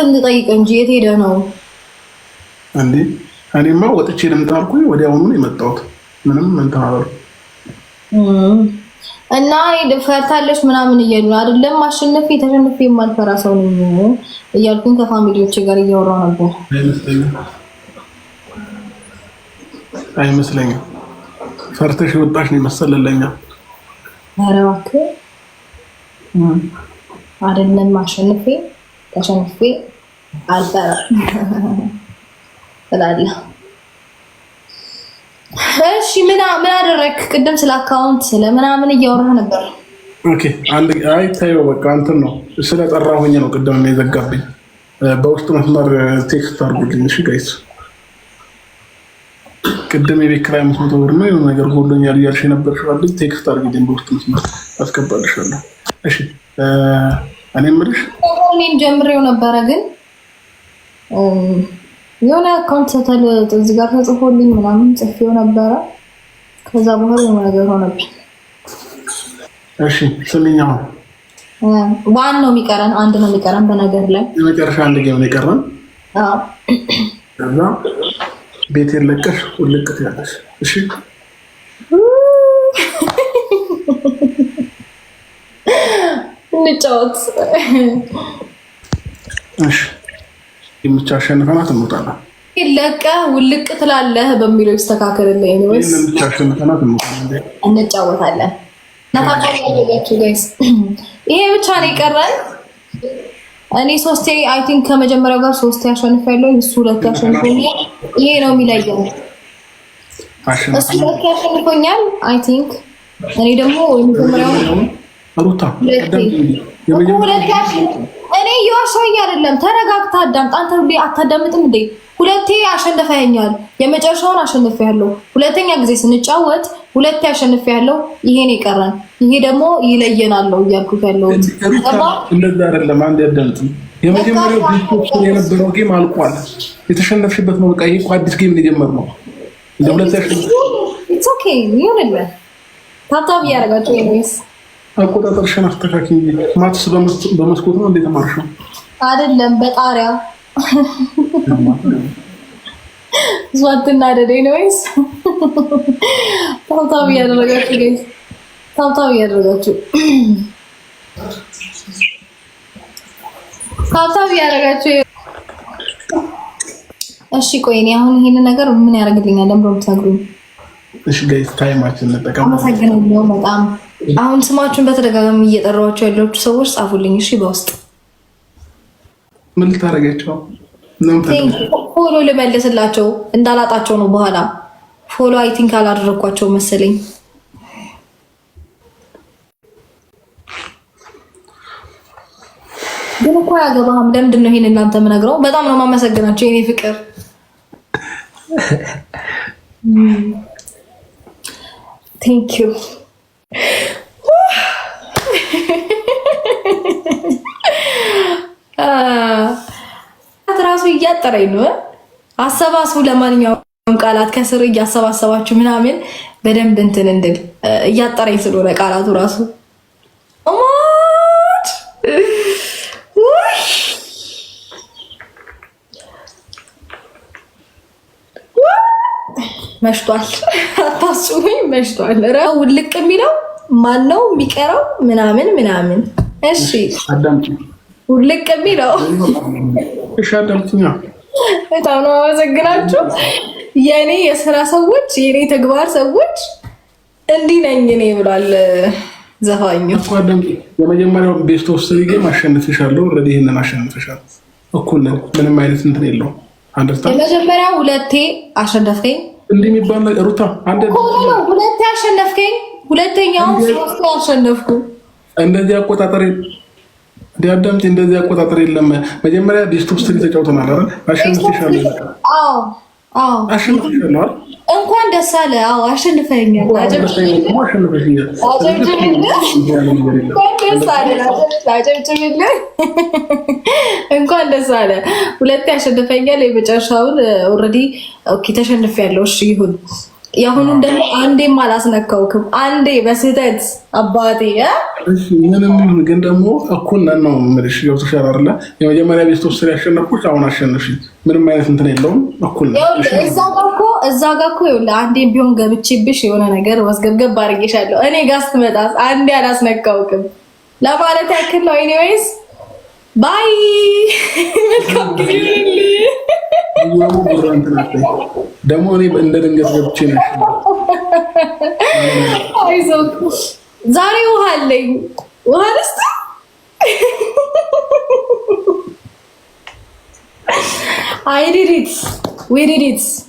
አንተን ልጠይቅ እንጂ የት ሄደህ ነው እንዴ? እኔማ ወጥቼ ልምጣ አልኩኝ። ወዲያውኑ ነው የመጣሁት። ምንም እንትን አላልኩም። እና ፈርታለች ምናምን እያሉ አይደለም። አሸነፊ ተሸነፌ የማልፈራ ሰው ነው እያልኩኝ ከፋሚሊዎች ጋር እያወራ ነበር። አይመስለኝም። ፈርተሽ የወጣሽ ነው የመሰለለኛ። ኧረ እባክህ አይደለም አሸነፌ ተሸንፌ አልጠራም እላለሁ። እሺ ምን አደረግ ቅድም ስለ አካውንት ስለ ምናምን እያወራህ ነበር። ኦኬ አንድ አይ ታየው በቃ እንትን ነው ስለጠራሁኝ ነው ቅድም ነው የዘጋብኝ። በውስጥ መስመር ቴክስት አድርጉልኝ እሺ ጋይስ። ቅድም የቤት ኪራይ አምስት ብር ነው የሆነ ነገር ጎሎኛል እያልሽ የነበር ሽዋለች። ቴክስት አድርግልኝ በውስጥ መስመር አስገባልሻለሁ። እሺ እኔ የምልሽ እኔም ጀምሬው ነበረ ግን የሆነ አካውንት ሰተል እዚህ ጋር ተጽፎልኝ ምናምን ጽፌው ነበረ። ከዛ በኋላ የሆነ ነገር ሆነብኝ። እሺ ስሚኝ፣ ዋን ነው የሚቀረን፣ አንድ ነው የሚቀረን። በነገር ላይ የመጨረሻ አንድ ጌም ነው የቀረን። ከዛ ቤት ለቀሽ ውልቅ ትያለሽ። እሺ እንጫወት የምታሸንፈና ትሞታለህ። ለቀህ ውልቅ ትላለህ በሚለው ይስተካከልልህ። እንጫወታለን። ናታቃያችሁ ይሄ ብቻ ነው የቀረን። እኔ ሶስቴ አይ ቲንክ ከመጀመሪያው ጋር ሶስቴ አሸንፋለሁ። እሱ ሁለት ያሸንፎኛል። ይሄ ነው የሚለየው። እሱ ሁለት ያሸንፎኛል አይ ቲንክ። እኔ ደግሞ የመጀመሪያው ሩታ እኔ እየዋሸሁኝ አይደለም። ተረጋግታ አዳምጥ። አንተ ሁሌ አታዳምጥም እንዴ? ሁለቴ አሸንፈኸኛል። የመጨረሻውን አሸንፌያለሁ። ሁለተኛ ጊዜ ስንጫወት ሁለቴ አሸንፌያለሁ። ይሄን የቀረን ይሄ ደግሞ ይለየናለሁ እያልኩት ያለው እንደዛ አይደለም። አንድ ያዳምጥ። የመጀመሪያው ቢቶችን የነበረው ጌም አልቋል። የተሸነፍሽበት ነው። በቃ ይሄ እኮ አዲስ ጌም ሊጀመር ነው። እንደ ሁለቴ አሸንፍ ታብታብ እያደረጋቸው አቆጣጠርሽን አስተካክይ። ማትስ በመስኮት ነው እንዴ ተማርሽው? አይደለም በጣሪያ ዟትና ደደይ ነው ወይስ ታብታብ እያደረጋችሁ ጋይስ? ታብታብ እያደረጋችሁ ታብታብ እያደረጋችሁ። እሺ ቆይኔ፣ አሁን ይሄንን ነገር ምን ያደርግልኛል? ለምሮ የምትነግሩኝ እሺ ጋይስ ታይማችን እንጠቀም። አመሰግናለሁ በጣም አሁን ስማችሁን በተደጋጋሚ እየጠራኋቸው ያለችሁ ሰዎች ጻፉልኝ፣ እሺ በውስጥ ምን ልታደርጋቸው ፎሎ ልመልስላቸው እንዳላጣቸው ነው። በኋላ ፎሎ አይ ቲንክ አላደረኳቸው መሰለኝ። ግን እኮ አያገባህም። ለምንድን ነው ይሄን እናንተ የምነግረው? በጣም ነው የማመሰግናቸው የኔ ፍቅር ቴንክ ዩ ah, ራሱ እያጠረኝ ነው። አሰባስቡ። ለማንኛውም ቃላት ከስር እያሰባሰባችሁ ምናምን በደንብ እንትን እንድል እያጠረኝ ስለሆነ ቃላቱ ራሱ መሽቷል፣ አታስቡኝ፣ መሽቷል። ውልቅ የሚለው ማን ነው የሚቀረው? ምናምን ምናምን። እሺ ውልቅ የሚለው እሺ፣ በጣም ነው አመሰግናችሁ። የእኔ የስራ ሰዎች፣ የእኔ ተግባር ሰዎች እንዲህ ነኝ እኔ ብሏል ዘፋኙ። የመጀመሪያው ቤስት ኦፍ ስሪ ጌም አሸንፍሻለሁ። ኦልሬዲ ይህንን አሸንፍሻለሁ። እኩል ምንም አይነት እንትን የለውም። የመጀመሪያ ሁለቴ አሸነፍከኝ እንዲህ የሚባል ነገር ሩታ፣ አንዴ ሁለት ያሸነፍከኝ ሁለተኛውም ሶስቴ ያሸነፍኩ እንደዚህ አቆጣጠር እንዲህ እንደዚህ አቆጣጠር የለም። መጀመሪያ ዲስቶፕ ስትሪ ተጫውተናል አይደል? አሸንፍሻለሁ። አዎ አዎ፣ አሸንፍሻለሁ አይደል? እንኳን ደስ አለ። አዎ አሸንፈኛል። እንኳን ደስ አለ። ሁለቴ አሸንፈኛል። የመጨረሻውን ኦልሬዲ ኦኬ፣ ተሸንፌያለሁ። እሺ ይሁን የአሁኑን ደግሞ አንዴም አላስነካውክም። አንዴ በስህተት አባቴ ምንም ግን ደግሞ እኩል ነን ነው የምልሽ። ገብቶሻል አይደለ? የመጀመሪያ ቤት ተወሰድ ያሸነፍኩሽ፣ አሁን አሸነፍሽ። ምንም አይነት እንትን የለውም። እኩል እዛ ጋ እኮ እዛ ይኸውልህ፣ አንዴም ቢሆን ገብቼብሽ የሆነ ነገር ወስገብገብ አድርጌሻለሁ። እኔ ጋር ስትመጣ አንዴ አላስነካውክም ለማለት ያክል ነው። ኤኒዌይስ ባይ፣ መልካም ጊዜ ደግሞ እኔ እንደ ድንገት ገብቼ ነው። ዛሬ ውሃ አለኝ። ውሃ ደስታ አይዲዲት ምን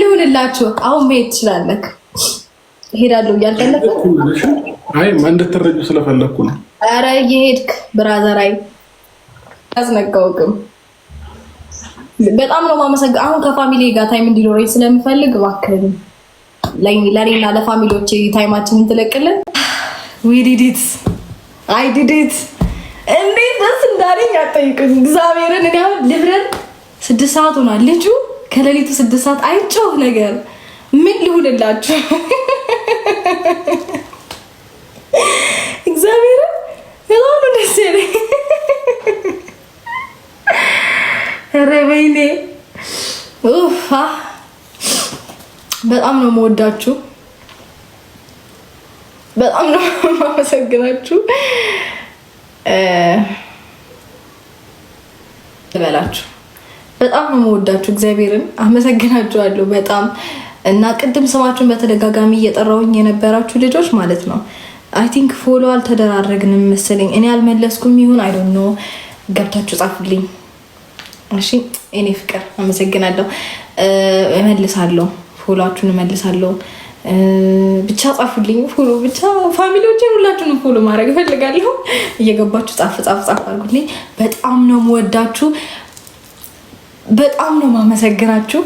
ልሁንላችሁ? አሁን መሄድ ትችላለህ። እሄዳለሁ እያልከለበት አይ እንድትረጁ ስለፈለግኩ ነው። ኧረ ብራዘር፣ ብራዘራይ አዝነጋውቅም በጣም ነው ማመሰግ አሁን ከፋሚሊ ጋር ታይም እንዲኖረኝ ስለምፈልግ እባክህን ለእኔና ለፋሚሊዎች ታይማችንን ትለቅልን። ዲድ ኢት። እንዴት ደስ እንዳለኝ አጠይቅም። እግዚአብሔርን እኔ አሁን ልብረን ስድስት ሰዓት ሆኗል። ልጁ ከሌሊቱ ስድስት ሰዓት አይጮህ ነገር ምን ልሁንላችሁ? ወይኔ በጣም ነው መወዳችሁ። በጣም ነው ማመሰግናችሁ። ልበላችሁ በጣም ነው መወዳችሁ። እግዚአብሔርን አመሰግናችኋለሁ በጣም እና ቅድም ስማችሁን በተደጋጋሚ እየጠራውኝ የነበራችሁ ልጆች ማለት ነው። አይ ቲንክ ፎሎ አልተደራረግንም መሰለኝ እኔ አልመለስኩም ይሁን አይዶን ነው። ገብታችሁ ጻፉልኝ። እሺ እኔ ፍቅር አመሰግናለሁ። እመልሳለሁ፣ ፎሎችሁን እመልሳለሁ። ብቻ ጻፉልኝ ፎሎ ብቻ ፋሚሊዎችን ሁላችሁን ፎሎ ማድረግ እፈልጋለሁ። እየገባችሁ ጻፍ ጻፍ ጻፍ አድርጉልኝ። በጣም ነው የምወዳችሁ፣ በጣም ነው የማመሰግናችሁ።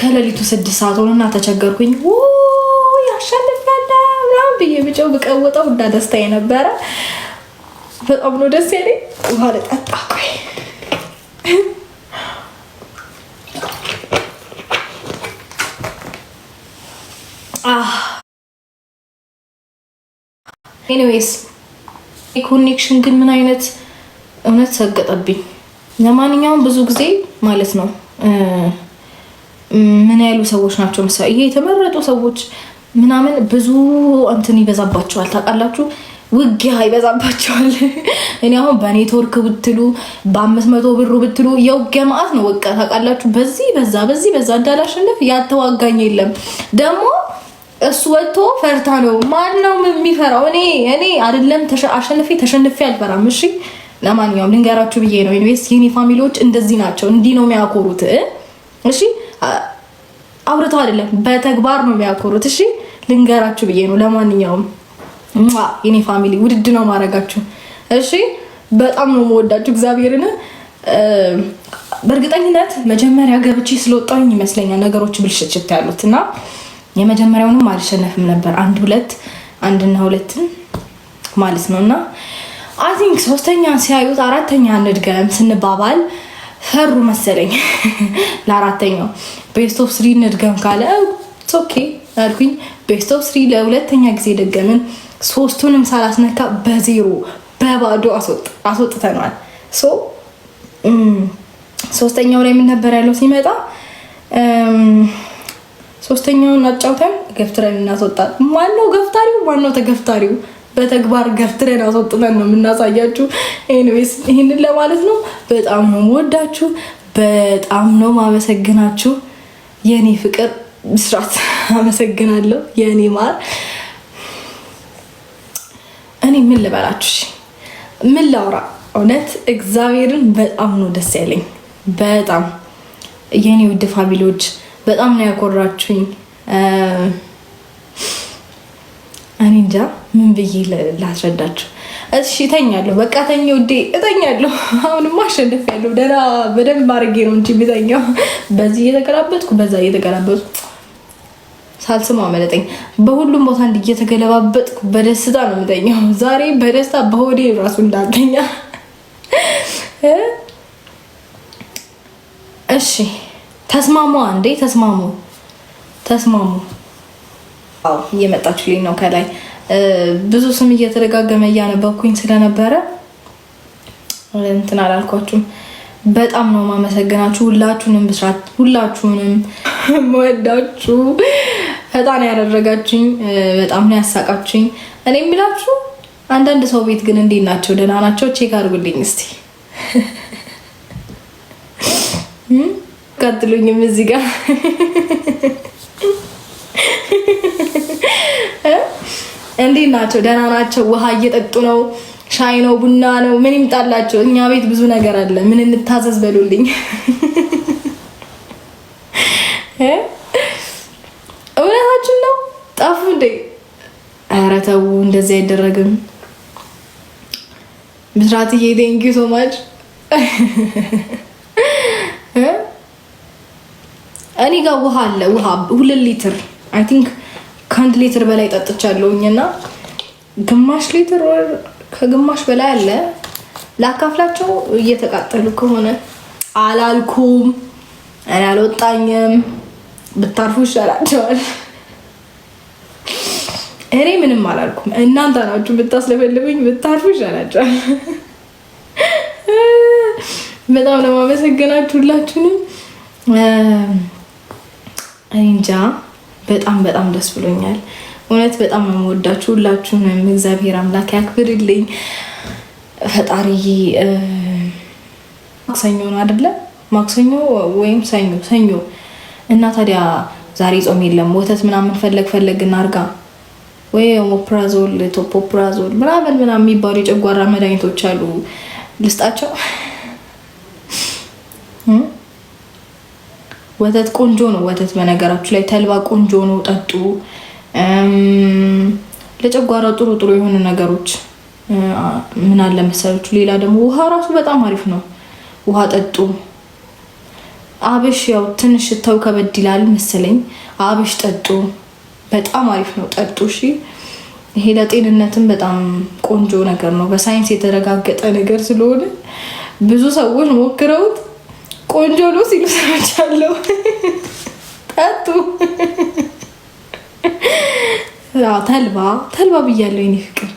ከሌሊቱ ስድስት ሰዓት ሆነና ተቸገርኩኝ። ያሸንፋለሁ ምናምን ብዬ ብጨው ብቀወጠው እና ደስታ የነበረ በጣም ነው ደስ ያለኝ። ውሃ ልጠጣ ቆይ ኤኒዌይስ ah. ኮኔክሽን ግን ምን አይነት እውነት ሰገጠብኝ። ለማንኛውም ብዙ ጊዜ ማለት ነው ምን ያሉ ሰዎች ናቸው መሰለኝ የተመረጡ ሰዎች ምናምን ብዙ እንትን ይበዛባቸዋል ታውቃላችሁ። ውጊያ ይበዛባቸዋል። እኔ አሁን በኔትወርክ ብትሉ በአምስት መቶ ብሩ ብትሉ የውጊያ ማዕት ነው። ወቃ ታውቃላችሁ፣ በዚህ በዛ በዚህ በዛ እንዳላሸንፍ ያተዋጋኝ የለም። ደግሞ እሱ ወጥቶ ፈርታ ነው። ማን ነው የሚፈራው? እኔ እኔ አይደለም አሸንፌ ተሸንፌ አልፈራም። እሺ ለማንኛውም ልንገራችሁ ብዬ ነው። ኢንቨስት የኔ ፋሚሊዎች እንደዚህ ናቸው። እንዲህ ነው የሚያኮሩት። እሺ አውርተው አይደለም በተግባር ነው የሚያኮሩት። እሺ ልንገራችሁ ብዬ ነው። ለማንኛውም የኔ ፋሚሊ ውድድ ነው ማድረጋችሁ። እሺ በጣም ነው መወዳችሁ እግዚአብሔርን። በእርግጠኝነት መጀመሪያ ገብቼ ስለወጣሁኝ ይመስለኛል ነገሮች ብልሽችት ያሉት እና የመጀመሪያውንም አልሸነፍም ነበር አንድ ሁለት አንድና ሁለትን ማለት ነው እና አይ ቲንክ ሶስተኛ ሲያዩት አራተኛ እንድገም ስንባባል ፈሩ መሰለኝ። ለአራተኛው ቤስት ኦፍ ስሪ እንድገም ካለ ኦኬ አልኩኝ። ቤስት ኦፍ ስሪ ለሁለተኛ ጊዜ ደገምን። ሶስቱንም ሳላስነካ በዜሮ በባዶ አስወጥተናል። ሶስተኛው ላይ ምን ነበር ያለው ሲመጣ ሶስተኛውን አጫውተን ገፍትረን እናስወጣል። ማነው ገፍታሪው? ማነው ተገፍታሪው? በተግባር ገፍትረን አስወጥተን ነው የምናሳያችሁ። ኤኒዌይስ ይህንን ለማለት ነው። በጣም ነው የምወዳችሁ፣ በጣም ነው ማመሰግናችሁ። የኔ ፍቅር ብስራት አመሰግናለሁ፣ የኔ ማር እኔ ምን ልበላችሁ፣ ምን ላውራ? እውነት እግዚአብሔርን በጣም ነው ደስ ያለኝ። በጣም የእኔ ውድ ፋሚሊዎች በጣም ነው ያኮራችሁኝ። እኔ እንጃ ምን ብዬ ላስረዳችሁ። እሺ እተኛለሁ፣ በቃ ተኝ ውዴ፣ እተኛለሁ። አሁንማ አሸንፍ ያለሁ ደህና በደንብ አድርጌ ነው እንጂ የሚተኛው በዚህ እየተገላበጥኩ በዛ እየተገላበጥኩ ሳልስም አመለጠኝ። በሁሉም ቦታ እንዲህ እየተገለባበጥኩ በደስታ ነው የምተኛው። ዛሬ በደስታ በሆዴ ራሱ እንዳገኛ እሺ ተስማሙ፣ አንዴ ተስማሙ፣ ተስማሙ። አዎ እየመጣችሁልኝ ነው። ከላይ ብዙ ስም እየተደጋገመ እያነበብኩኝ ስለነበረ እንትን አላልኳችሁም። በጣም ነው ማመሰግናችሁ ሁላችሁንም፣ ብስራት ሁላችሁንም መወዳችሁ ፈጣን ያደረጋችኝ በጣም ነው ያሳቃችኝ። እኔ የሚላችሁ አንዳንድ ሰው ቤት ግን እንዴት ናቸው? ደህና ናቸው? ቼክ አድርጉልኝ እስቲ ቀጥሉኝም እዚህ ጋር እንዴት ናቸው? ደህና ናቸው? ውሃ እየጠጡ ነው? ሻይ ነው? ቡና ነው? ምን ይምጣላቸው? እኛ ቤት ብዙ ነገር አለ። ምን እንታዘዝ በሉልኝ። ጠፉ እንዴ? ኧረ ተው፣ እንደዚህ አይደረግም። ምስራትዬ ቴንኪው ሶ ማች። እኔ ጋር ውሃ አለ፣ ውሃ ሁለት ሊትር አይ ቲንክ ከአንድ ሊትር በላይ ጠጥቻለሁኝ እና ግማሽ ሊትር ከግማሽ በላይ አለ። ላካፍላቸው እየተቃጠሉ ከሆነ አላልኩም። እኔ አልወጣኝም፣ ብታርፉ ይሻላቸዋል። እኔ ምንም አላልኩም። እናንተ ናችሁ ብታስለፈልጉኝ ብታርፉ ይሻላቸዋል። በጣም ነው የማመሰግናችሁ ሁላችሁንም። እንጃ በጣም በጣም ደስ ብሎኛል። እውነት በጣም ነው የምወዳችሁ ሁላችሁንም። እግዚአብሔር አምላክ ያክብርልኝ። ፈጣሪ ማክሰኞ ነው አይደለ? ማክሰኞ ወይም ሰኞ ሰኞ እና ታዲያ ዛሬ ጾም የለም። ወተት ምናምን ፈለግ ፈለግ እናርጋ ወይ ኦሞፕራዞል ቶፖፕራዞል ምናምን ምናምን የሚባሉ የጨጓራ መድኃኒቶች አሉ። ልስጣቸው። ወተት ቆንጆ ነው። ወተት በነገራችሁ ላይ ተልባ ቆንጆ ነው። ጠጡ። ለጨጓራ ጥሩ ጥሩ የሆኑ ነገሮች ምን አለ መሰላችሁ። ሌላ ደግሞ ውሃ ራሱ በጣም አሪፍ ነው። ውሃ ጠጡ። አብሽ ያው ትንሽ ሽታው ከበድ ይላል መሰለኝ። አብሽ ጠጡ። በጣም አሪፍ ነው። ጠጡ። እሺ፣ ይሄ ለጤንነትም በጣም ቆንጆ ነገር ነው። በሳይንስ የተረጋገጠ ነገር ስለሆነ ብዙ ሰዎች ሞክረውት ቆንጆ ነው ሲሉ ሰምቻለሁ። ጠጡ። ተልባ ተልባ ብያለሁ የኔ ፍቅር